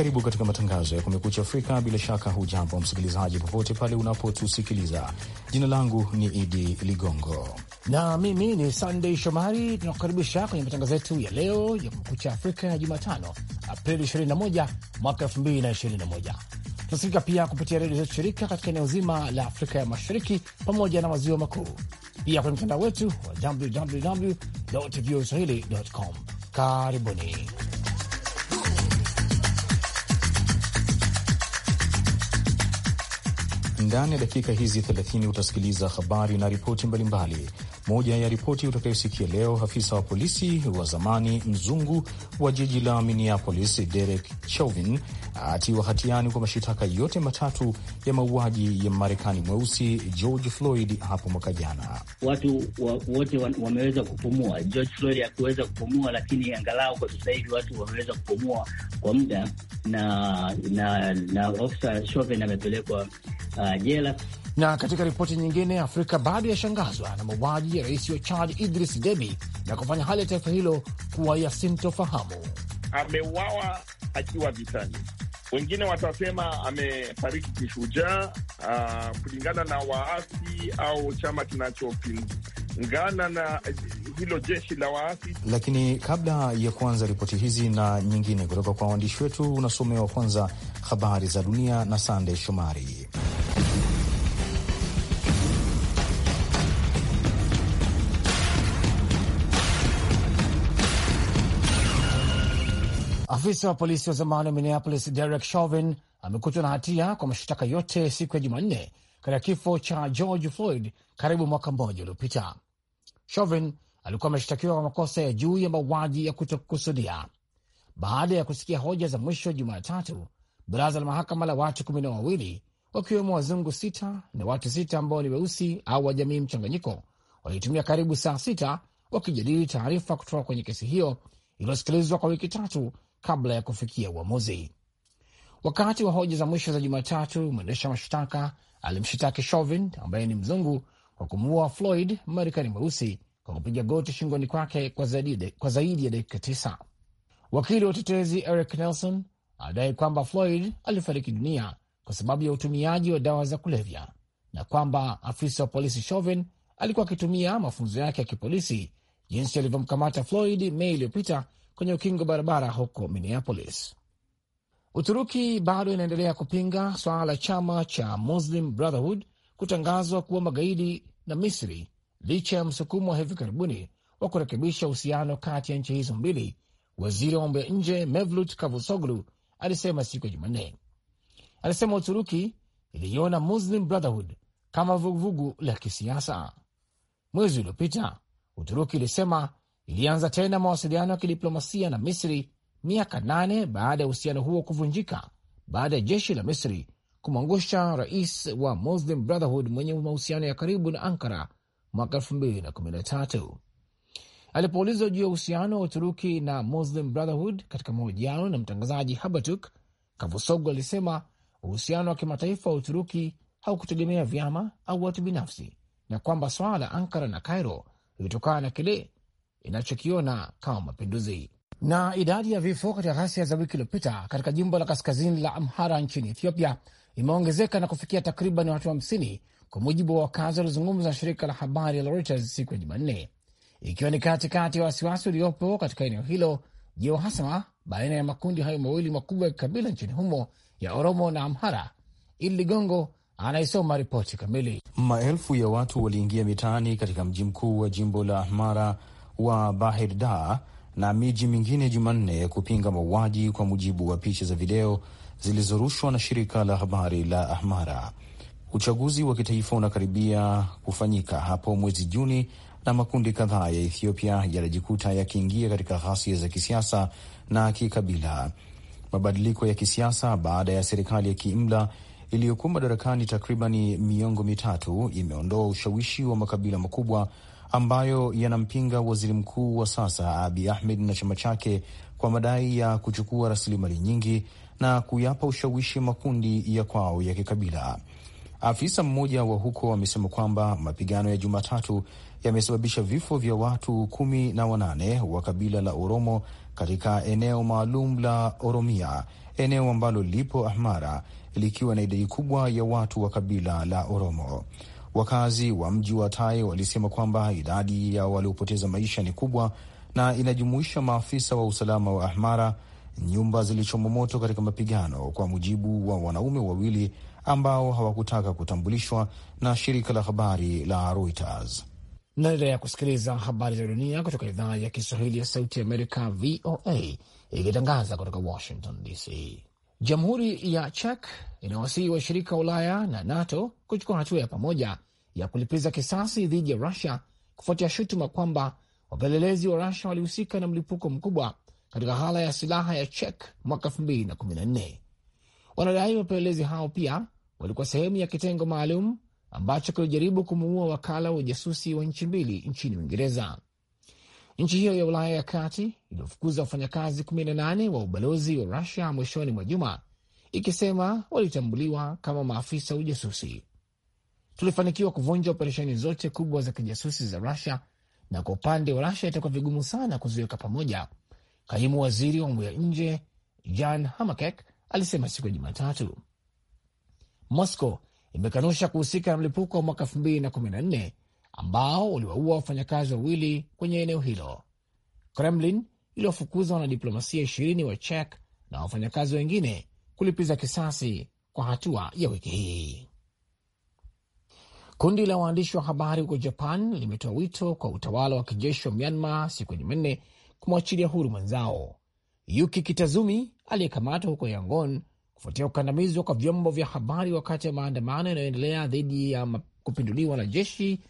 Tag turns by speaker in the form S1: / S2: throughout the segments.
S1: Karibu katika matangazo ya Kumekucha Afrika. Bila shaka, hujambo msikilizaji, popote pale unapotusikiliza. Jina langu ni Idi Ligongo na mimi ni Sandei
S2: Shomari. Tunakukaribisha kwenye matangazo yetu ya leo ya Kumekucha Afrika ya Jumatano, Aprili 21 mwaka 2021. Tunasikika pia kupitia redio zetu shirika katika eneo zima la Afrika ya Mashariki pamoja na maziwa makuu, pia kwenye mtandao wetu wa www voaswahili com. Karibuni.
S1: Ndani ya dakika hizi 30 utasikiliza habari na ripoti mbalimbali, moja ya ripoti utakayosikia leo, afisa wa polisi wa zamani mzungu wa jiji la Minneapolis Derek Chauvin atiwa hatiani kwa mashitaka yote matatu ya mauaji ya Marekani mweusi George Floyd hapo mwaka jana.
S3: Watu wote wa, wameweza kupumua. George Floyd hakuweza kupumua, lakini angalau kwa sasa hivi watu wameweza kupumua kwa muda, na na, na ofisa Chauvin amepelekwa uh, jela na katika ripoti nyingine, Afrika bado yashangazwa
S2: na mauaji ya rais wa Chad Idris Deby na kufanya hali ya taifa hilo kuwa yasintofahamu.
S4: Ameuawa akiwa vitani, wengine watasema amefariki kishujaa, uh, kulingana na waasi au chama kinachopingana na hilo jeshi la waasi.
S1: Lakini kabla ya kuanza ripoti hizi na nyingine kutoka kwa waandishi wetu, unasomewa kwanza habari za dunia na Sandey Shomari.
S2: Afisa wa polisi wa zamani wa Minneapolis Derek Chauvin amekutwa na hatia kwa mashtaka yote siku ya Jumanne katika kifo cha George Floyd karibu mwaka mmoja uliopita. Chauvin alikuwa ameshtakiwa kwa makosa ya juu ya mauaji ya kutokusudia. Baada ya kusikia hoja za mwisho Jumatatu, baraza la mahakama la watu kumi na wawili wakiwemo wazungu sita na watu sita ambao ni weusi au wa jamii mchanganyiko walitumia karibu saa sita wakijadili taarifa kutoka kwenye kesi hiyo iliyosikilizwa kwa wiki tatu kabla ya kufikia uamuzi. Wakati wa hoja za mwisho za Jumatatu, mwendesha mashtaka alimshitaki Chauvin ambaye ni mzungu kwa kumuua Floyd Marekani mweusi kwa kupiga goti shingoni kwake kwa zaidi, kwa zaidi ya dakika tisa. Wakili wa utetezi Eric Nelson anadai kwamba Floyd alifariki dunia kwa sababu ya utumiaji wa dawa za kulevya na kwamba afisa wa polisi Chauvin alikuwa akitumia mafunzo yake ya kipolisi jinsi alivyomkamata Floyd Mei iliyopita kwenye ukingo barabara huko Minneapolis. Uturuki bado inaendelea kupinga swala la chama cha Muslim Brotherhood kutangazwa kuwa magaidi na Misri licha ya msukumo wa hivi karibuni wa kurekebisha uhusiano kati ya nchi hizo mbili. Waziri wa mambo ya nje Mevlut Cavusoglu alisema siku ya Jumanne. Alisema Uturuki iliiona Muslim Brotherhood kama vuguvugu la kisiasa. Mwezi uliopita Uturuki ilisema ilianza tena mawasiliano ya kidiplomasia na Misri miaka nane baada ya uhusiano huo kuvunjika baada ya jeshi la Misri kumwangusha rais wa Muslim Brotherhood mwenye mahusiano ya karibu na Ankara mwaka 2013. Alipoulizwa juu ya uhusiano wa Uturuki na Muslim Brotherhood katika mahojiano na mtangazaji Habatuk, Kavusogo alisema uhusiano wa kimataifa wa Uturuki haukutegemea vyama au watu binafsi na kwamba swala la Ankara na Cairo lilitokana na kile inachokiona kama mapinduzi. Na idadi ya vifo katika ghasia za wiki iliyopita katika jimbo la kaskazini la Amhara nchini Ethiopia imeongezeka na kufikia takriban watu hamsini kwa mujibu wa wakazi waliozungumza na shirika la habari la Reuters siku ya Jumanne, ikiwa ni katikati ya wasiwasi uliopo katika eneo hilo juu ya uhasama baina ya makundi hayo mawili makubwa ya kikabila nchini humo ya Oromo na Amhara. Ili Ligongo
S1: anaisoma ripoti kamili. Maelfu ya watu waliingia mitaani katika mji mkuu wa jimbo la Amhara wa Bahir Dar na miji mingine Jumanne kupinga mauaji, kwa mujibu wa picha za video zilizorushwa na shirika la habari la Ahmara. Uchaguzi wa kitaifa unakaribia kufanyika hapo mwezi Juni na makundi kadhaa ya Ethiopia yanajikuta yakiingia katika ghasia ya za kisiasa na kikabila. Mabadiliko ya kisiasa baada ya serikali ya kiimla iliyokuwa madarakani takribani miongo mitatu imeondoa ushawishi wa makabila makubwa ambayo yanampinga waziri mkuu wa sasa abi Ahmed na chama chake kwa madai ya kuchukua rasilimali nyingi na kuyapa ushawishi makundi ya kwao ya kikabila. Afisa mmoja wa huko amesema kwamba mapigano ya Jumatatu yamesababisha vifo vya watu kumi na wanane wa kabila la Oromo katika eneo maalum la Oromia, eneo ambalo lipo Ahmara likiwa na idadi kubwa ya watu wa kabila la Oromo. Wakazi wa mji wa Tai walisema kwamba idadi ya waliopoteza maisha ni kubwa na inajumuisha maafisa wa usalama wa Ahmara. Nyumba zilichoma moto katika mapigano, kwa mujibu wa wanaume wawili ambao hawakutaka kutambulishwa na shirika la habari la Reuters.
S2: Mnaendelea kusikiliza habari za dunia kutoka idhaa ya Kiswahili ya Sauti ya Amerika, VOA, ikitangaza kutoka Washington DC. Jamhuri ya Czech inawasihi washirika wa Ulaya na NATO kuchukua hatua ya pamoja ya kulipiza kisasi dhidi ya Rusia kufuatia shutuma kwamba wapelelezi wa Rusia walihusika na mlipuko mkubwa katika ghala ya silaha ya Czech mwaka 2014. Wanadai wapelelezi hao pia walikuwa sehemu ya kitengo maalum ambacho kilijaribu kumuua wakala wa ujasusi wa nchi mbili nchini Uingereza. Nchi hiyo ya Ulaya ya kati iliyofukuza wafanyakazi 18 wa ubalozi wa Rusia mwishoni mwa juma ikisema walitambuliwa kama maafisa wa ujasusi. Tulifanikiwa kuvunja operesheni zote kubwa za kijasusi za Rusia, na kwa upande wa Rusia itakuwa vigumu sana kuziweka pamoja, kaimu waziri wa mambo ya nje Jan Hamakek alisema siku ya Jumatatu. Moscow imekanusha kuhusika na mlipuko wa mwaka 2014 ambao uliwaua wafanyakazi wawili kwenye eneo hilo. Kremlin iliwafukuza wanadiplomasia ishirini wa chek na wafanyakazi wengine kulipiza kisasi kwa hatua ya wiki hii. Kundi la waandishi wa habari huko Japan limetoa wito kwa utawala wa kijeshi wa Myanmar siku ya Jumanne kumwachilia huru mwenzao Yuki Kitazumi aliyekamatwa huko Yangon kufuatia ukandamizwa kwa vyombo vya habari wakati ya maandamano yanayoendelea dhidi ya kupinduliwa na jeshi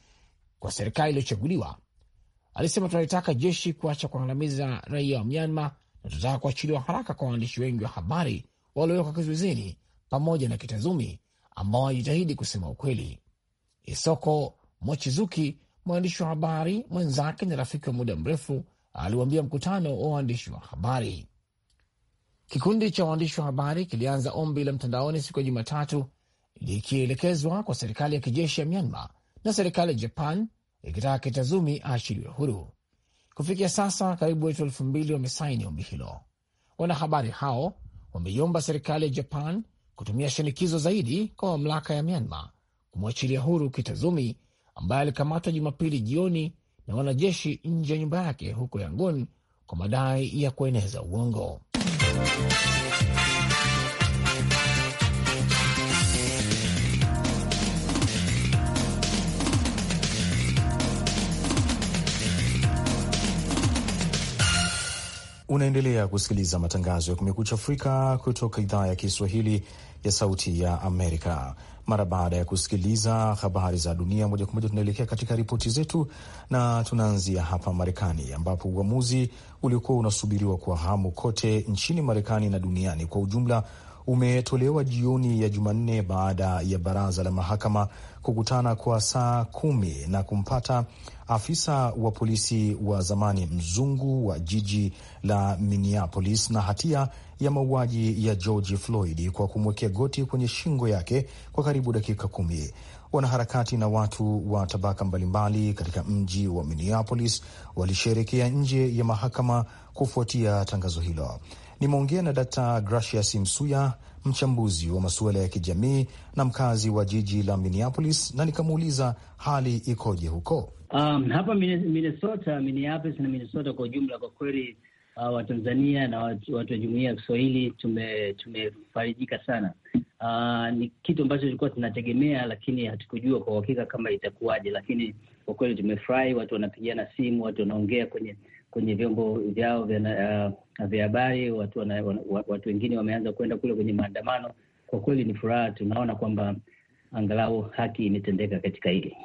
S2: kwa serikali iliyochaguliwa. Alisema, tunalitaka jeshi kuacha kuangamiza raia wa Myanmar na tunataka kuachiliwa haraka kwa waandishi wengi wa habari waliowekwa kizuizini pamoja na Kitazumi ambao wanajitahidi kusema ukweli. Isoko Mochizuki, mwandishi wa habari mwenzake na rafiki wa muda mrefu, aliwaambia mkutano wa waandishi wa habari. Kikundi cha waandishi wa habari kilianza ombi la mtandaoni siku ya Jumatatu likielekezwa kwa serikali ya kijeshi ya Myanmar na serikali ya Japan ikitaka Kitazumi aachiliwe huru. Kufikia sasa karibu watu elfu mbili wamesaini ombi hilo. Wanahabari hao wameiomba serikali ya Japan kutumia shinikizo zaidi kwa mamlaka ya Myanmar kumwachilia huru Kitazumi ambaye alikamatwa Jumapili jioni na wanajeshi nje ya nyumba yake huko Yangon kwa madai ya kueneza uongo.
S1: Unaendelea kusikiliza matangazo ya Kumekucha Afrika kutoka idhaa ya Kiswahili ya Sauti ya Amerika. Mara baada ya kusikiliza habari za dunia moja kwa moja, tunaelekea katika ripoti zetu na tunaanzia hapa Marekani, ambapo uamuzi uliokuwa unasubiriwa kwa hamu kote nchini Marekani na duniani kwa ujumla umetolewa jioni ya Jumanne baada ya baraza la mahakama kukutana kwa saa kumi na kumpata afisa wa polisi wa zamani mzungu wa jiji la Minneapolis na hatia ya mauaji ya George Floyd kwa kumwekea goti kwenye shingo yake kwa karibu dakika kumi. Wanaharakati na watu wa tabaka mbalimbali katika mji wa Minneapolis walisherekea nje ya mahakama kufuatia tangazo hilo. Nimeongea na Dr. Gracias Msuya mchambuzi wa masuala ya kijamii na mkazi wa jiji la Minneapolis, na nikamuuliza hali ikoje huko.
S3: Um, hapa Minnesota, Minneapolis na Minnesota kwa ujumla, kwa kweli uh, Watanzania na watu wa jumuia ya Kiswahili tumefarijika tume sana. Uh, ni kitu ambacho tulikuwa tunategemea, lakini hatukujua kwa uhakika kama itakuwaje, lakini kwa kweli tumefurahi. Watu wanapigana simu, watu wanaongea kwenye kwenye vyombo vyao vya uh, habari. Watu wengine wameanza kwenda kule kwenye maandamano. Kwa kweli ni furaha, tunaona kwamba angalau haki imetendeka katika hili.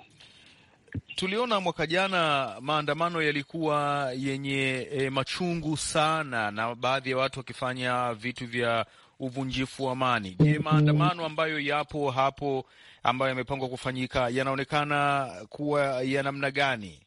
S1: Tuliona mwaka jana maandamano yalikuwa yenye e, machungu sana, na baadhi ya watu wakifanya vitu vya uvunjifu wa amani. Je, mm-hmm. maandamano ambayo yapo hapo ambayo yamepangwa kufanyika yanaonekana kuwa ya namna gani?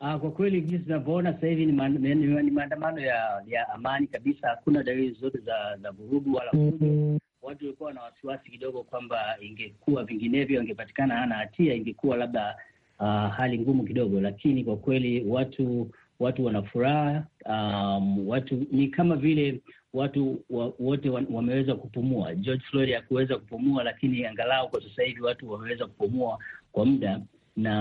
S3: Aa, ah, kwa kweli jinsi tunavyoona sasa hivi ni, man, ni, ni maandamano ya ya amani kabisa. Hakuna dalili zote za za vurugu wala fujo. Mm-hmm. Watu walikuwa na wasiwasi kidogo kwamba ingekuwa vinginevyo, angepatikana hana hatia, ingekuwa labda uh, hali ngumu kidogo, lakini kwa kweli watu watu wana furaha um, watu ni kama vile watu wa, wote wameweza kupumua. George Floyd hakuweza kupumua, lakini angalau kwa sasa hivi watu wameweza kupumua kwa muda na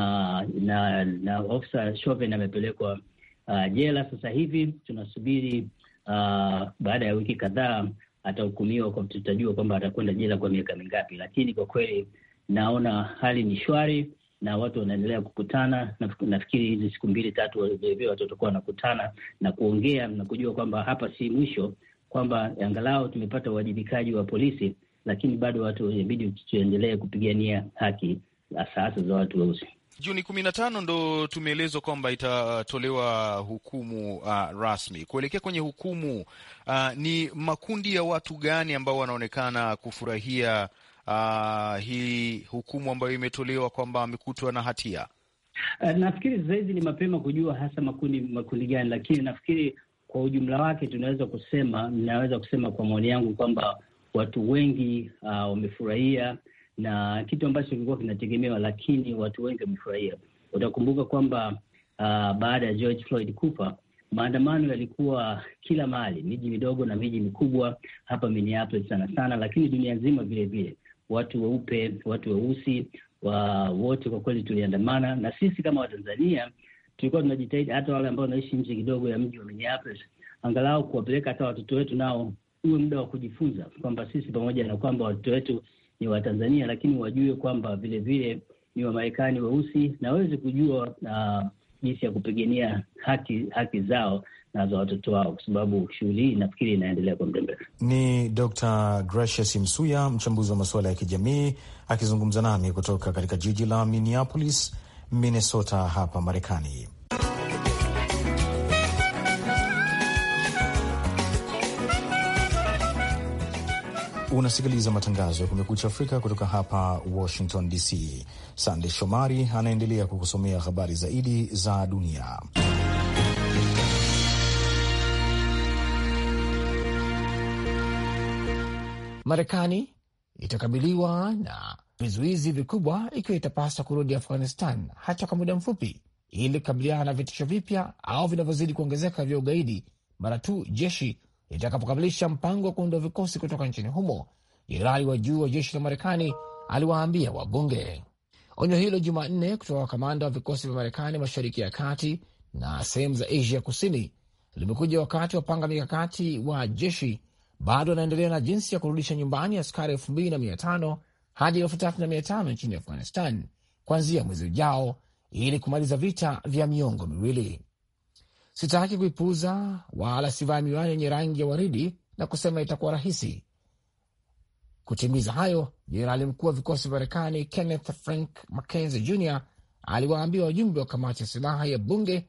S3: na na ofisa Chauvin amepelekwa uh, jela. Sasa hivi tunasubiri uh, baada ya wiki kadhaa atahukumiwa, kwa tutajua kwamba atakwenda jela kwa miaka mingapi, lakini kwa kweli naona hali ni shwari na watu wanaendelea kukutana. Nafikiri hizi siku mbili tatu vilevile watu watakuwa wanakutana na kuongea na kujua kwamba hapa si mwisho, kwamba angalau tumepata uwajibikaji wa polisi, lakini bado watu inabidi tuendelee kupigania haki asasi za watu weusi.
S1: Juni kumi na tano ndo tumeelezwa kwamba itatolewa hukumu uh, rasmi kuelekea kwenye hukumu. Uh, ni makundi ya watu gani ambao wanaonekana kufurahia uh, hii hukumu ambayo imetolewa kwamba amekutwa na hatia?
S3: Uh, nafikiri zaidi ni mapema kujua hasa makundi makundi gani, lakini nafikiri kwa ujumla wake tunaweza kusema, naweza kusema kwa maoni yangu kwamba watu wengi uh, wamefurahia na kitu ambacho kilikuwa kinategemewa, lakini watu wengi wamefurahia. Utakumbuka kwamba uh, baada ya George Floyd kufa maandamano yalikuwa kila mahali, miji midogo na miji mikubwa, hapa Minneapolis sana sana, lakini dunia nzima vile vile, watu weupe, watu weusi wa wote kwa kweli tuliandamana, na sisi kama Watanzania tulikuwa tunajitahidi, hata wale ambao wanaishi nje kidogo ya mji wa Minneapolis, angalau kuwapeleka hata watoto wetu nao uwe muda wa kujifunza kwamba sisi pamoja na kwamba watoto wetu ni Watanzania, lakini wajue kwamba vilevile ni Wamarekani weusi na waweze kujua uh, jinsi ya kupigania haki haki zao na za watoto wao, kwa sababu shughuli hii nafikiri inaendelea kwa muda mrefu.
S1: Ni Dr. Gracious Msuya, mchambuzi wa masuala ya kijamii, akizungumza nami kutoka katika jiji la Minneapolis, Minnesota hapa Marekani. Unasikiliza matangazo ya Kumekucha Afrika kutoka hapa Washington DC. Sande Shomari anaendelea kukusomea habari zaidi za dunia. Marekani itakabiliwa
S2: na vizuizi vikubwa ikiwa itapaswa kurudi Afghanistan hata kwa muda mfupi, ili kukabiliana na vitisho vipya au vinavyozidi kuongezeka vya ugaidi mara tu jeshi itakapokamilisha mpango wa kuondoa vikosi kutoka nchini humo, jenerali wa juu wa jeshi la Marekani aliwaambia wabunge. Onyo hilo Jumanne kutoka kwa kamanda wa vikosi vya Marekani mashariki ya kati na sehemu za Asia kusini limekuja wakati wapanga mikakati wa jeshi bado wanaendelea na jinsi ya kurudisha nyumbani askari elfu mbili na mia tano hadi elfu tatu na mia tano nchini Afghanistan kuanzia mwezi ujao ili kumaliza vita vya miongo miwili. Sitaki kuipuuza wala sivaa miwani yenye rangi ya waridi na kusema itakuwa rahisi kutimiza hayo. Jenerali mkuu wa vikosi vya Marekani Kenneth Frank McKenzie Jr aliwaambia wajumbe wa kamati ya silaha ya bunge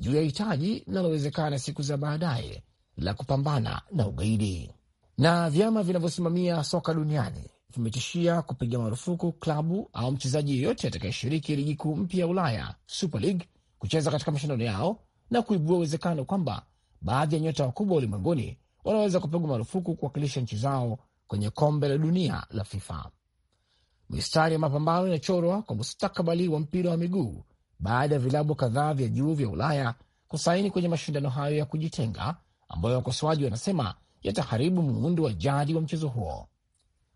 S2: juu ya hitaji linalowezekana siku za baadaye la kupambana na ugaidi. Na vyama vinavyosimamia soka duniani vimetishia kupiga marufuku klabu au mchezaji yeyote atakayeshiriki ligi kuu mpya ya Ulaya Super League kucheza katika mashindano yao na kuibua uwezekano kwamba baadhi ya nyota wakubwa ulimwenguni wanaweza kupigwa marufuku kuwakilisha nchi zao kwenye kombe la dunia la FIFA. Mistari ya mapambano inachorwa kwa mustakabali wa mpira wa miguu baada ya vilabu kadhaa vya juu vya Ulaya kusaini kwenye mashindano hayo ya kujitenga ambayo wakosoaji wanasema yataharibu muundo wa jadi wa mchezo huo.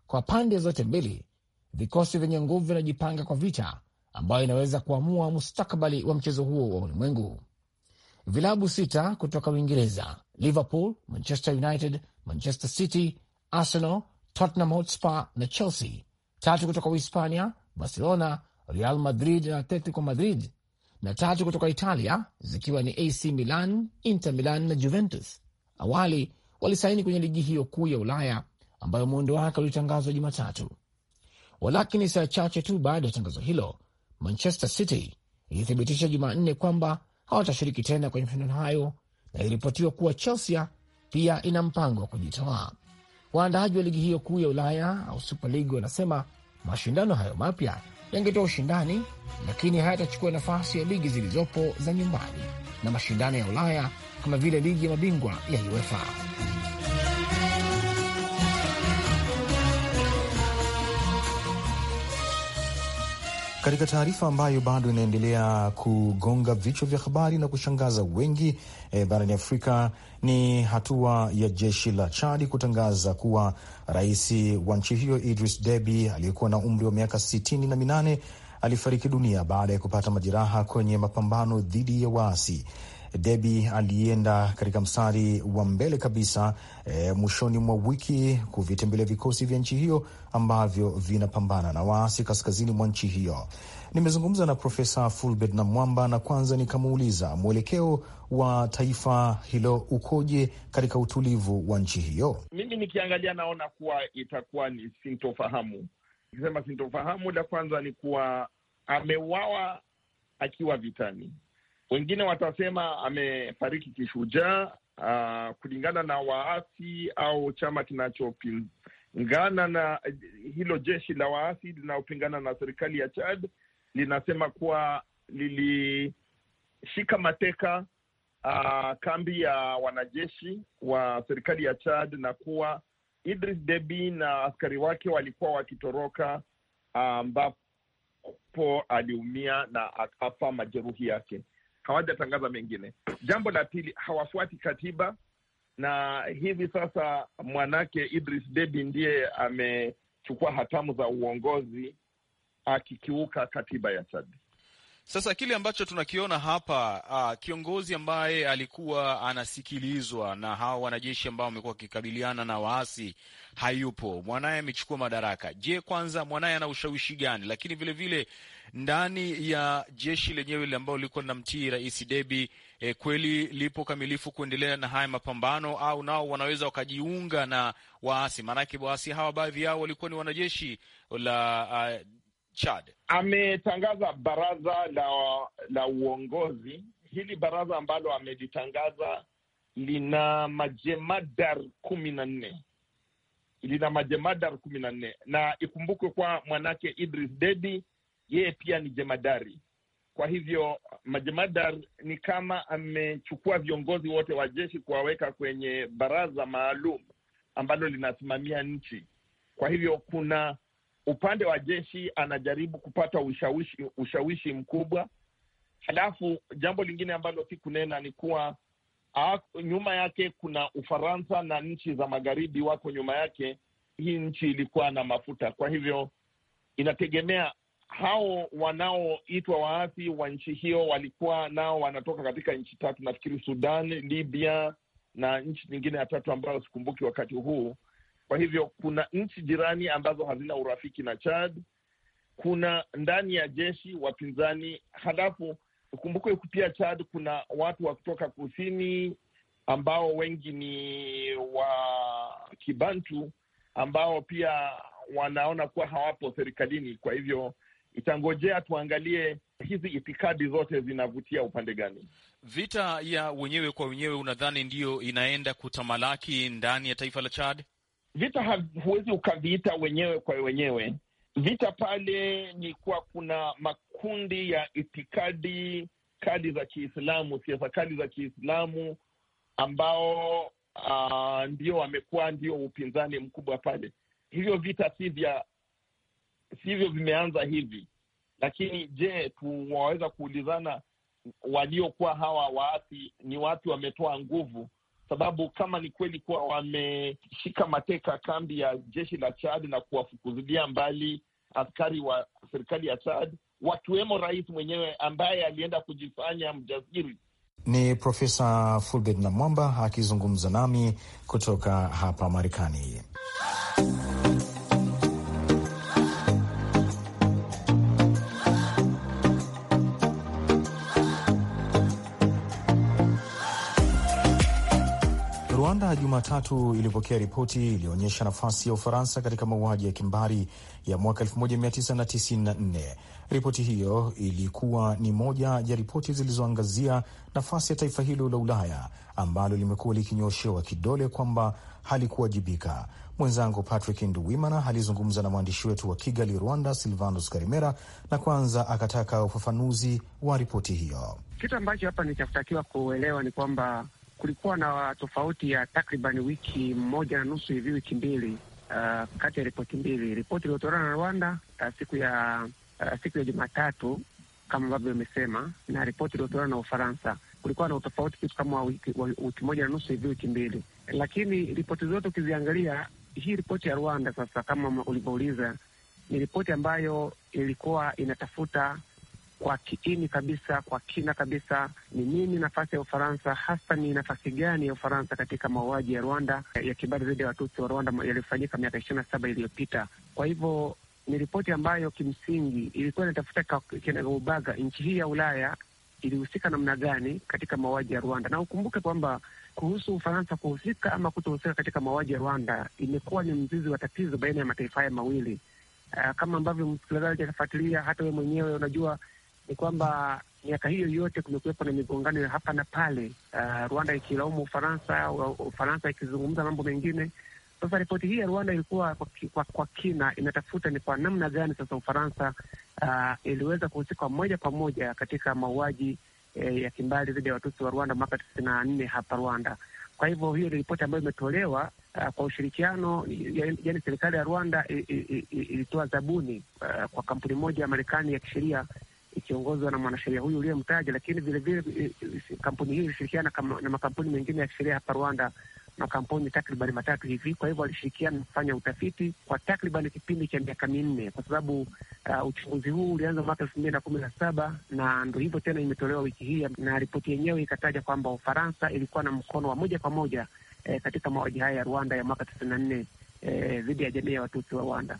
S2: Kwa pande zote mbili, vikosi vyenye nguvu vinajipanga kwa vita ambayo inaweza kuamua mustakabali wa mchezo huo wa ulimwengu vilabu sita kutoka Uingereza: Liverpool, Manchester United, Manchester City, Arsenal, Tottenham Hotspur na Chelsea; tatu kutoka Uhispania: Barcelona, Real Madrid na Atletico Madrid, na tatu kutoka Italia zikiwa ni AC Milan, Inter Milan na Juventus. Awali walisaini kwenye ligi hiyo kuu ya Ulaya ambayo muundo wake ulitangazwa Jumatatu, walakini saa chache tu baada ya tangazo hilo Manchester City ilithibitisha Jumanne kwamba hawatashiriki tena kwenye mashindano hayo, na iliripotiwa kuwa Chelsea pia ina mpango wa kujitoa. Waandaaji wa ligi hiyo kuu ya Ulaya au Super League wanasema mashindano hayo mapya yangetoa ushindani, lakini hayatachukua nafasi ya ligi zilizopo za nyumbani na mashindano ya Ulaya kama vile ligi ya mabingwa ya UEFA.
S1: Katika taarifa ambayo bado inaendelea kugonga vichwa vya habari na kushangaza wengi e, barani Afrika ni hatua ya jeshi la Chadi kutangaza kuwa rais wa nchi hiyo Idris Deby aliyekuwa na umri wa miaka sitini na minane alifariki dunia baada ya kupata majeraha kwenye mapambano dhidi ya waasi. Debi alienda katika mstari wa mbele kabisa e, mwishoni mwa wiki kuvitembelea vikosi vya nchi hiyo ambavyo vinapambana na waasi kaskazini mwa nchi hiyo. Nimezungumza na Profesa Fulbert na Mwamba na kwanza nikamuuliza mwelekeo wa taifa hilo ukoje katika utulivu wa nchi hiyo.
S4: Mimi nikiangalia naona kuwa itakuwa ni sintofahamu. Nikisema sintofahamu, la kwanza ni kuwa amewawa akiwa vitani wengine watasema amefariki kishujaa, uh, kulingana na waasi au chama kinachopingana na hilo jeshi la waasi linalopingana na serikali ya Chad linasema kuwa lilishika mateka uh, kambi ya wanajeshi wa serikali ya Chad na kuwa Idris Deby na askari wake walikuwa wakitoroka ah, ambapo uh, aliumia na akafa majeruhi yake hawajatangaza mengine. Jambo la pili, hawafuati katiba, na hivi sasa mwanake Idris Deby ndiye amechukua hatamu za uongozi akikiuka katiba ya Chadi. Sasa kile ambacho tunakiona
S1: hapa uh, kiongozi ambaye alikuwa anasikilizwa na hawa wanajeshi ambao wamekuwa wakikabiliana na waasi hayupo, mwanaye amechukua madaraka. Je, kwanza mwanaye ana ushawishi gani? Lakini vilevile vile, ndani ya jeshi lenyewe lile ambao lilikuwa linamtii Rais Debi eh, kweli lipo kamilifu kuendelea na haya mapambano au nao wanaweza wakajiunga na waasi? Maanake waasi hawa baadhi yao walikuwa ni wanajeshi
S4: la uh, Chad ametangaza baraza la, la uongozi. Hili baraza ambalo amelitangaza lina majemadar kumi na nne lina majemadar kumi na nne na ikumbukwe kwa mwanake Idris Dedi yeye pia ni jemadari. Kwa hivyo majemadar ni kama amechukua viongozi wote wa jeshi kuwaweka kwenye baraza maalum ambalo linasimamia nchi. Kwa hivyo kuna upande wa jeshi anajaribu kupata ushawishi, ushawishi mkubwa. Halafu jambo lingine ambalo si kunena ni kuwa a, nyuma yake kuna Ufaransa na nchi za magharibi wako nyuma yake. Hii nchi ilikuwa na mafuta, kwa hivyo inategemea hao wanaoitwa waasi wa nchi hiyo walikuwa nao wanatoka katika nchi tatu, nafikiri Sudan, Libya na nchi nyingine ya tatu ambayo sikumbuki wakati huu. Kwa hivyo kuna nchi jirani ambazo hazina urafiki na Chad, kuna ndani ya jeshi wapinzani. Halafu ukumbuke pia Chad kuna watu wa kutoka kusini ambao wengi ni wa Kibantu ambao pia wanaona kuwa hawapo serikalini. Kwa hivyo itangojea tuangalie hizi itikadi zote zinavutia upande gani.
S1: Vita ya wenyewe kwa wenyewe, unadhani ndiyo inaenda kutamalaki ndani ya taifa la Chad?
S4: Vita huwezi ukaviita wenyewe kwa wenyewe. Vita pale ni kuwa kuna makundi ya itikadi kali za Kiislamu, siasa kali za Kiislamu ambao uh, ndio wamekuwa ndio upinzani mkubwa pale. Hivyo vita si vya sivyo, vimeanza hivi. Lakini je, tuwaweza kuulizana waliokuwa hawa waasi ni watu wametoa nguvu sababu kama ni kweli kuwa wameshika mateka kambi ya jeshi la Chad na kuwafukuzilia mbali askari wa serikali ya Chad, wakiwemo rais mwenyewe ambaye alienda kujifanya mjaziri.
S1: Ni Profesa Fulbert Namwamba akizungumza nami kutoka hapa Marekani. Rwanda Jumatatu ilipokea ripoti iliyoonyesha nafasi ya Ufaransa katika mauaji ya kimbari ya mwaka 1994. Ripoti hiyo ilikuwa ni moja ya ripoti zilizoangazia nafasi ya taifa hilo la Ulaya ambalo limekuwa likinyoshewa kidole kwamba halikuwajibika. Mwenzangu Patrick Nduwimana alizungumza na mwandishi wetu wa Kigali, Rwanda, Silvanus Karimera, na kwanza akataka ufafanuzi wa ripoti hiyo.
S5: Kitu ambacho hapa ni cha kutakiwa kuelewa ni kwamba kulikuwa na tofauti ya takriban wiki moja na nusu hivi, wiki mbili uh, kati ya ripoti mbili. Ripoti iliyotolewa na Rwanda uh, siku ya uh, siku ya Jumatatu kama ambavyo imesema na ripoti iliyotolewa na Ufaransa, kulikuwa na utofauti kitu kama wiki, wiki moja na nusu hivi, wiki mbili. Lakini ripoti zote ukiziangalia, hii ripoti ya Rwanda sasa, kama ulivyouliza, ni ripoti ambayo ilikuwa inatafuta kwa kiini kabisa, kwa kina kabisa, ni nini nafasi ya Ufaransa, hasa ni nafasi gani ya Ufaransa katika mauaji ya Rwanda ya kimbari dhidi ya Watutsi wa Rwanda yaliyofanyika miaka ishirini na saba iliyopita. Kwa hivyo ni ripoti ambayo kimsingi ilikuwa inatafuta kinagaubaga nchi hii ya Ulaya ilihusika namna gani katika mauaji ya Rwanda, na ukumbuke kwamba kuhusu Ufaransa kuhusika ama kutohusika katika mauaji ya Rwanda imekuwa ni mzizi wa tatizo baina ya mataifa haya mawili. Uh, kama ambavyo msikilizaji atafuatilia, hata we mwenyewe unajua ni kwamba miaka hiyo yote kumekuwepo na migongano ya hapa na pale, uh, Rwanda ikilaumu Ufaransa, Ufaransa ikizungumza mambo mengine. Sasa ripoti hii ya Rwanda ilikuwa kwa, kwa, kwa kina inatafuta ni kwa namna gani sasa Ufaransa uh, iliweza kuhusika moja kwa moja katika mauaji eh, ya kimbali dhidi ya Watusi wa Rwanda mwaka tisini na nne hapa Rwanda. Kwa hivyo hiyo ni ripoti ambayo imetolewa uh, kwa ushirikiano, yaani serikali ya Rwanda ilitoa zabuni uh, kwa kampuni moja ya Marekani ya kisheria ikiongozwa na mwanasheria huyu uliyemtaja, lakini vilevile eh, eh, kampuni hii ilishirikiana na makampuni mengine ya kisheria hapa Rwanda, makampuni takribani matatu hivi. Kwa hivyo walishirikiana kufanya utafiti kwa takriban kipindi cha miaka minne, kwa sababu uh, uchunguzi huu ulianza mwaka elfu mbili na kumi na saba na ndo hivyo tena imetolewa wiki hii, na ripoti yenyewe ikataja kwamba Ufaransa ilikuwa na mkono wa moja kwa moja eh, katika mauaji haya ya Rwanda ya mwaka tisini na nne eh, dhidi eh, ya jamii ya Watusi wa Rwanda.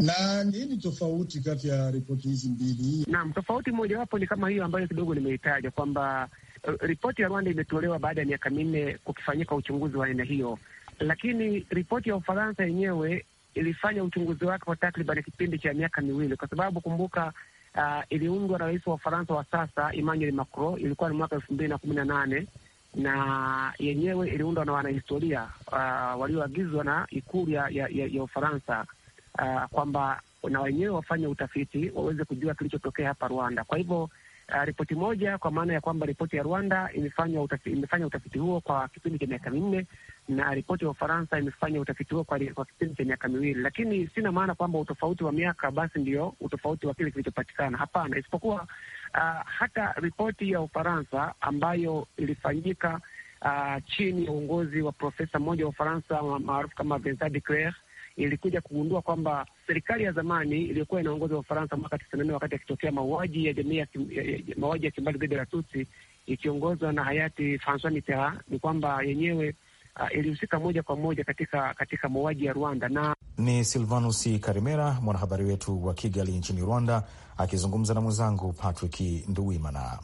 S5: Na nini tofauti kati ya ripoti hizi mbili? Naam, tofauti mojawapo ni kama hiyo ambayo kidogo nimeitaja kwamba eh, ripoti ya Rwanda imetolewa baada ya miaka minne kukifanyika uchunguzi wa aina hiyo, lakini ripoti ya Ufaransa yenyewe ilifanya uchunguzi wake kwa takriban kipindi cha miaka miwili, kwa sababu kumbuka, uh, iliundwa na rais wa Ufaransa wa sasa Emmanuel Macron, ilikuwa ni mwaka elfu mbili na kumi na nane
S4: na
S5: yenyewe iliundwa na wanahistoria uh, walioagizwa na ikulu ya, ya, ya Ufaransa uh, kwamba na wenyewe wafanye utafiti waweze kujua kilichotokea hapa Rwanda. Kwa hivyo uh, ripoti moja kwa maana ya kwamba ripoti ya Rwanda imefanya utafiti, imefanya utafiti huo kwa kipindi cha miaka minne na ripoti ya Ufaransa imefanya utafiti huo kwa, kwa kipindi cha miaka miwili, lakini sina maana kwamba utofauti wa miaka basi ndio utofauti wa kile kilichopatikana. Hapana, isipokuwa uh, hata ripoti ya Ufaransa ambayo ilifanyika uh, chini ya uongozi wa profesa mmoja wa Ufaransa maarufu kama Vincent de Clercq ilikuja kugundua kwamba serikali ya zamani iliyokuwa inaongoza Ufaransa mwaka tisini na nne wakati akitokea mauaji ya jamii mauaji ya kimbali dhidi ya Watutsi ikiongozwa na hayati Francois Mitterrand ni kwamba yenyewe uh, ilihusika moja kwa moja katika katika mauaji ya Rwanda. Na
S1: ni Silvanusi Karimera, mwanahabari wetu wa Kigali nchini Rwanda, akizungumza na mwenzangu Patrick Nduwimana.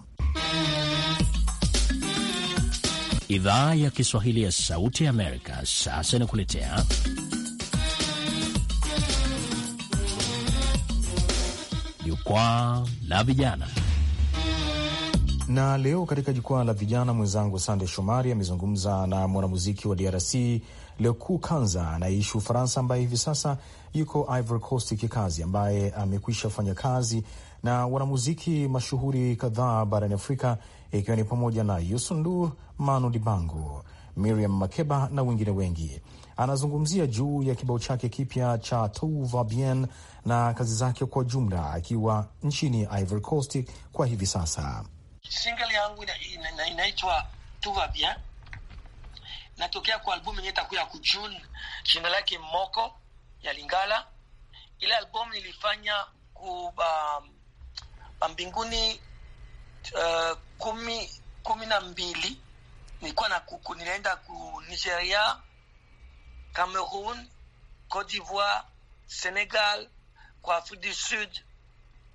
S1: Idhaa ya Kiswahili ya Sauti ya Amerika
S3: sasa inakuletea
S1: jukwaa la vijana. Na leo katika jukwaa la vijana, mwenzangu Sande Shomari amezungumza na mwanamuziki wa DRC Leku Kanza anayeishi Ufaransa, ambaye hivi sasa yuko Ivory Coast kikazi, ambaye amekwisha fanya kazi na wanamuziki mashuhuri kadhaa barani Afrika, ikiwa ni pamoja na yusundu Manu Dibango Miriam Makeba na wengine wengi. Anazungumzia juu ya kibao chake kipya cha Tout va bien na kazi zake kwa jumla akiwa nchini Ivory Coast kwa hivi sasa.
S5: Single
S6: yangu inaitwa ina, Tout va bien, natokea kwa albumu yenye takuya kujuni, jina lake Moko ya Lingala. Ile albumu nilifanya kuba um, mbinguni uh, kumi kumi na mbili nilikuwa na kuku, nilienda ku Nigeria, Cameroon, Cote d'Ivoire, Senegal, kwa Afrique du Sud,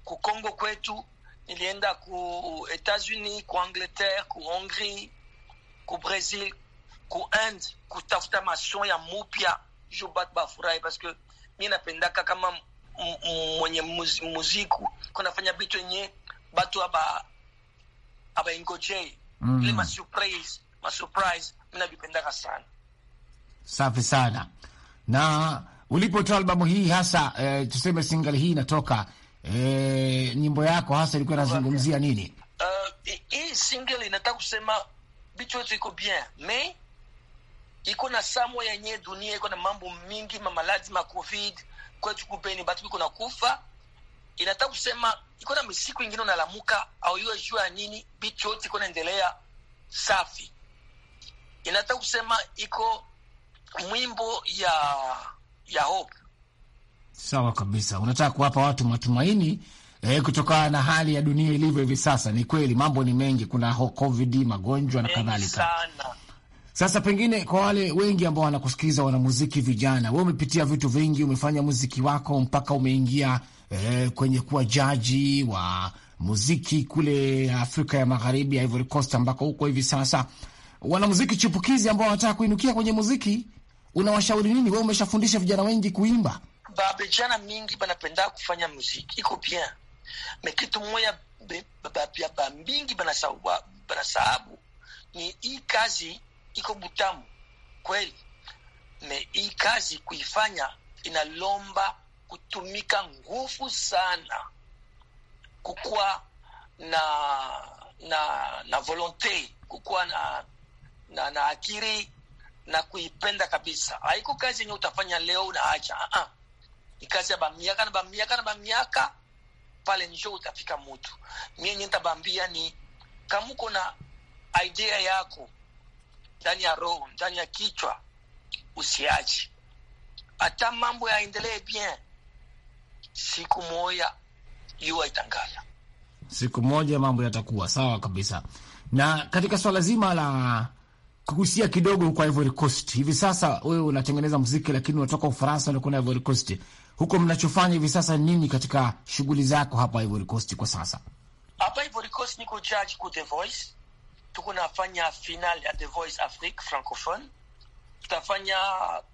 S6: ku Congo kwetu, nilienda ku Etats-Unis, ku Angleterre, ku Hongrie, ku Brazil, ku Inde kutafuta mason ya mupya ju batu bafurahi, paske mi napendaka kama mwenye muziku kunafanya bitu yenye batu aba abaingojei mm. ile masurprise masurprise mnavipendaka sana.
S2: Safi sana. Na ulipotoa albamu hii hasa e, tuseme single hii inatoka e, nyimbo yako hasa ilikuwa inazungumzia nini? Uh,
S6: hii single inataka kusema bitu yetu iko bien me iko na samo yenye dunia iko na mambo mingi, mamalazi ma covid kwetu kupeni batu iko na kufa. Inataka kusema iko na misiku ingine unalamuka au iwe jua ya nini, bitu yote iko naendelea safi inataka kusema iko mwimbo ya ya hope.
S2: Sawa kabisa, unataka kuwapa watu matumaini eh, kutokana na hali ya dunia ilivyo hivi sasa. Ni kweli mambo ni mengi, kuna COVID, magonjwa na kadhalika. Sasa pengine kwa wale wengi ambao wanakusikiliza wanamuziki vijana, we umepitia vitu vingi, umefanya muziki wako mpaka umeingia eh, kwenye kuwa jaji wa muziki kule Afrika ya Magharibi ya Ivory Coast ambako huko hivi sasa wanamuziki chipukizi ambao wanataka kuinukia kwenye muziki unawashauri nini? Wewe umeshafundisha vijana wengi kuimba, bavijana
S6: mingi banapenda kufanya muziki iko bien mekitu moya bapia ba mingi banasababu ni hii kazi iko butamu kweli, me hii kazi kuifanya inalomba kutumika nguvu sana, kukuwa na na na volonte, kukuwa na na naakiri na kuipenda kabisa. Haiko kazi yenye utafanya leo unaacha, uh-uh. Ni kazi ya bamiaka na bamiaka na bamiaka, pale njo utafika mutu. Mie nye ntabambia ni kamuko na idea yako ndani ya roho, ndani ya kichwa, usiache hata mambo yaendelee bien. Siku moja jua itangaza,
S2: siku moja mambo yatakuwa sawa kabisa. Na katika swala zima la kugusia kidogo kwa Ivory Coast, hivi sasa wewe unatengeneza mziki lakini unatoka Ufaransa na kuna Ivory Coast huko, mnachofanya hivi sasa nini katika shughuli zako hapa Ivory Coast kwa sasa?
S6: Hapa Ivory Coast niko charge ku The Voice, tuko nafanya final ya The Voice Afrique Francophone. Tutafanya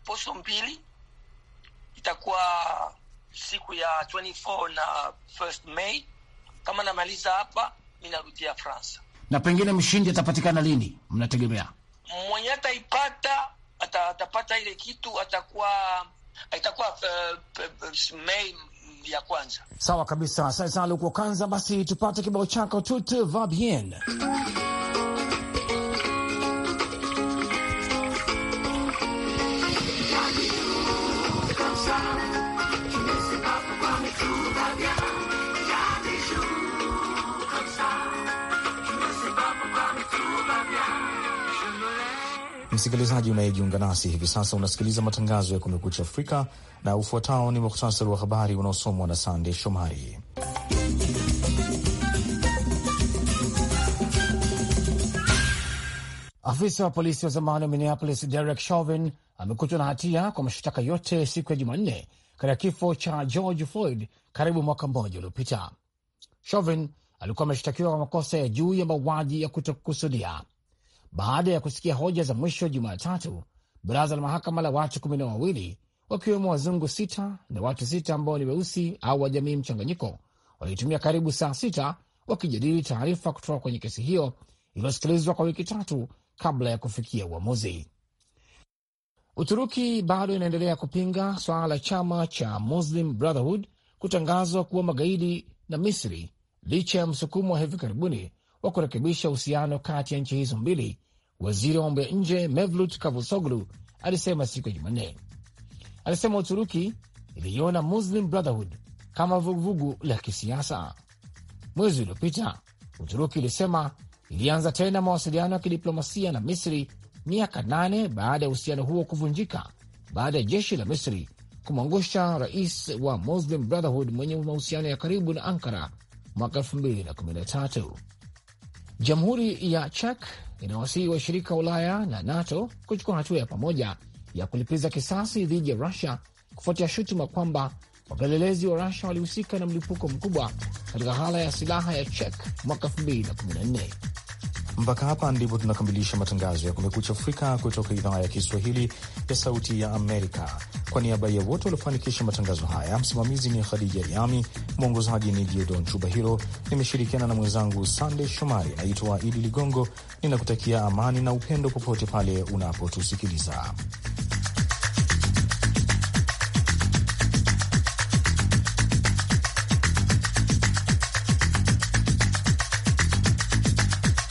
S6: poso mbili, itakuwa siku ya 24 na 1 st May. Kama namaliza hapa, minarudia France.
S2: Na pengine mshindi atapatikana lini, mnategemea?
S6: mwenye ataipata ata, atapata ile kitu atakuwa itakuwa uh, uh Mei ya kwanza.
S2: Sawa kabisa. Asante sana Luko Kanza, basi tupate kibao chako tute va bien
S1: Msikilizaji unayejiunga nasi hivi sasa, unasikiliza matangazo ya Kumekucha Afrika, na ufuatao ni muhtasari wa habari unaosomwa na sande Shomari.
S2: Afisa wa polisi wa zamani wa Minneapolis Derek Chauvin amekutwa na hatia kwa mashtaka yote siku ya Jumanne katika kifo cha George Floyd karibu mwaka mmoja uliopita. Chauvin alikuwa ameshtakiwa kwa makosa ya juu ya mauaji ya kutokusudia baada ya kusikia hoja za mwisho Jumatatu. Baraza la mahakama la watu kumi na wawili wakiwemo wazungu sita na watu sita ambao ni weusi au wa jamii mchanganyiko walitumia karibu saa sita wakijadili taarifa kutoka kwenye kesi hiyo iliyosikilizwa kwa wiki tatu kabla ya kufikia uamuzi. Uturuki bado inaendelea kupinga swala la chama cha Muslim Brotherhood kutangazwa kuwa magaidi na Misri licha ya msukumo wa hivi karibuni wa kurekebisha uhusiano kati ya nchi hizo mbili, waziri wa mambo ya nje Mevlut Cavusoglu alisema siku ya Jumanne. Alisema Uturuki iliiona Muslim Brotherhood kama vuguvugu la kisiasa. Mwezi uliopita, Uturuki ilisema ilianza tena mawasiliano ya kidiplomasia na Misri miaka nane baada ya uhusiano huo kuvunjika baada ya jeshi la Misri kumwangusha rais wa Muslim Brotherhood mwenye mahusiano ya karibu na Ankara mwaka 2013. Jamhuri ya chek inawasihi washirika wa Ulaya na NATO kuchukua hatua ya pamoja ya kulipiza kisasi dhidi ya Rusia kufuatia shutuma kwamba wapelelezi wa Rusia walihusika na mlipuko mkubwa katika ghala ya silaha ya chek mwaka 2014.
S1: Mpaka hapa ndipo tunakamilisha matangazo ya Kumekucha Afrika kutoka idhaa ya Kiswahili ya Sauti ya Amerika. Kwa niaba ya wote waliofanikisha matangazo haya, msimamizi ni Khadija Riami, mwongozaji ni Diodon hiro Nimeshirikiana na mwenzangu Sande Shomari. Naitwa Idi Ligongo, ninakutakia amani na upendo popote pale unapotusikiliza.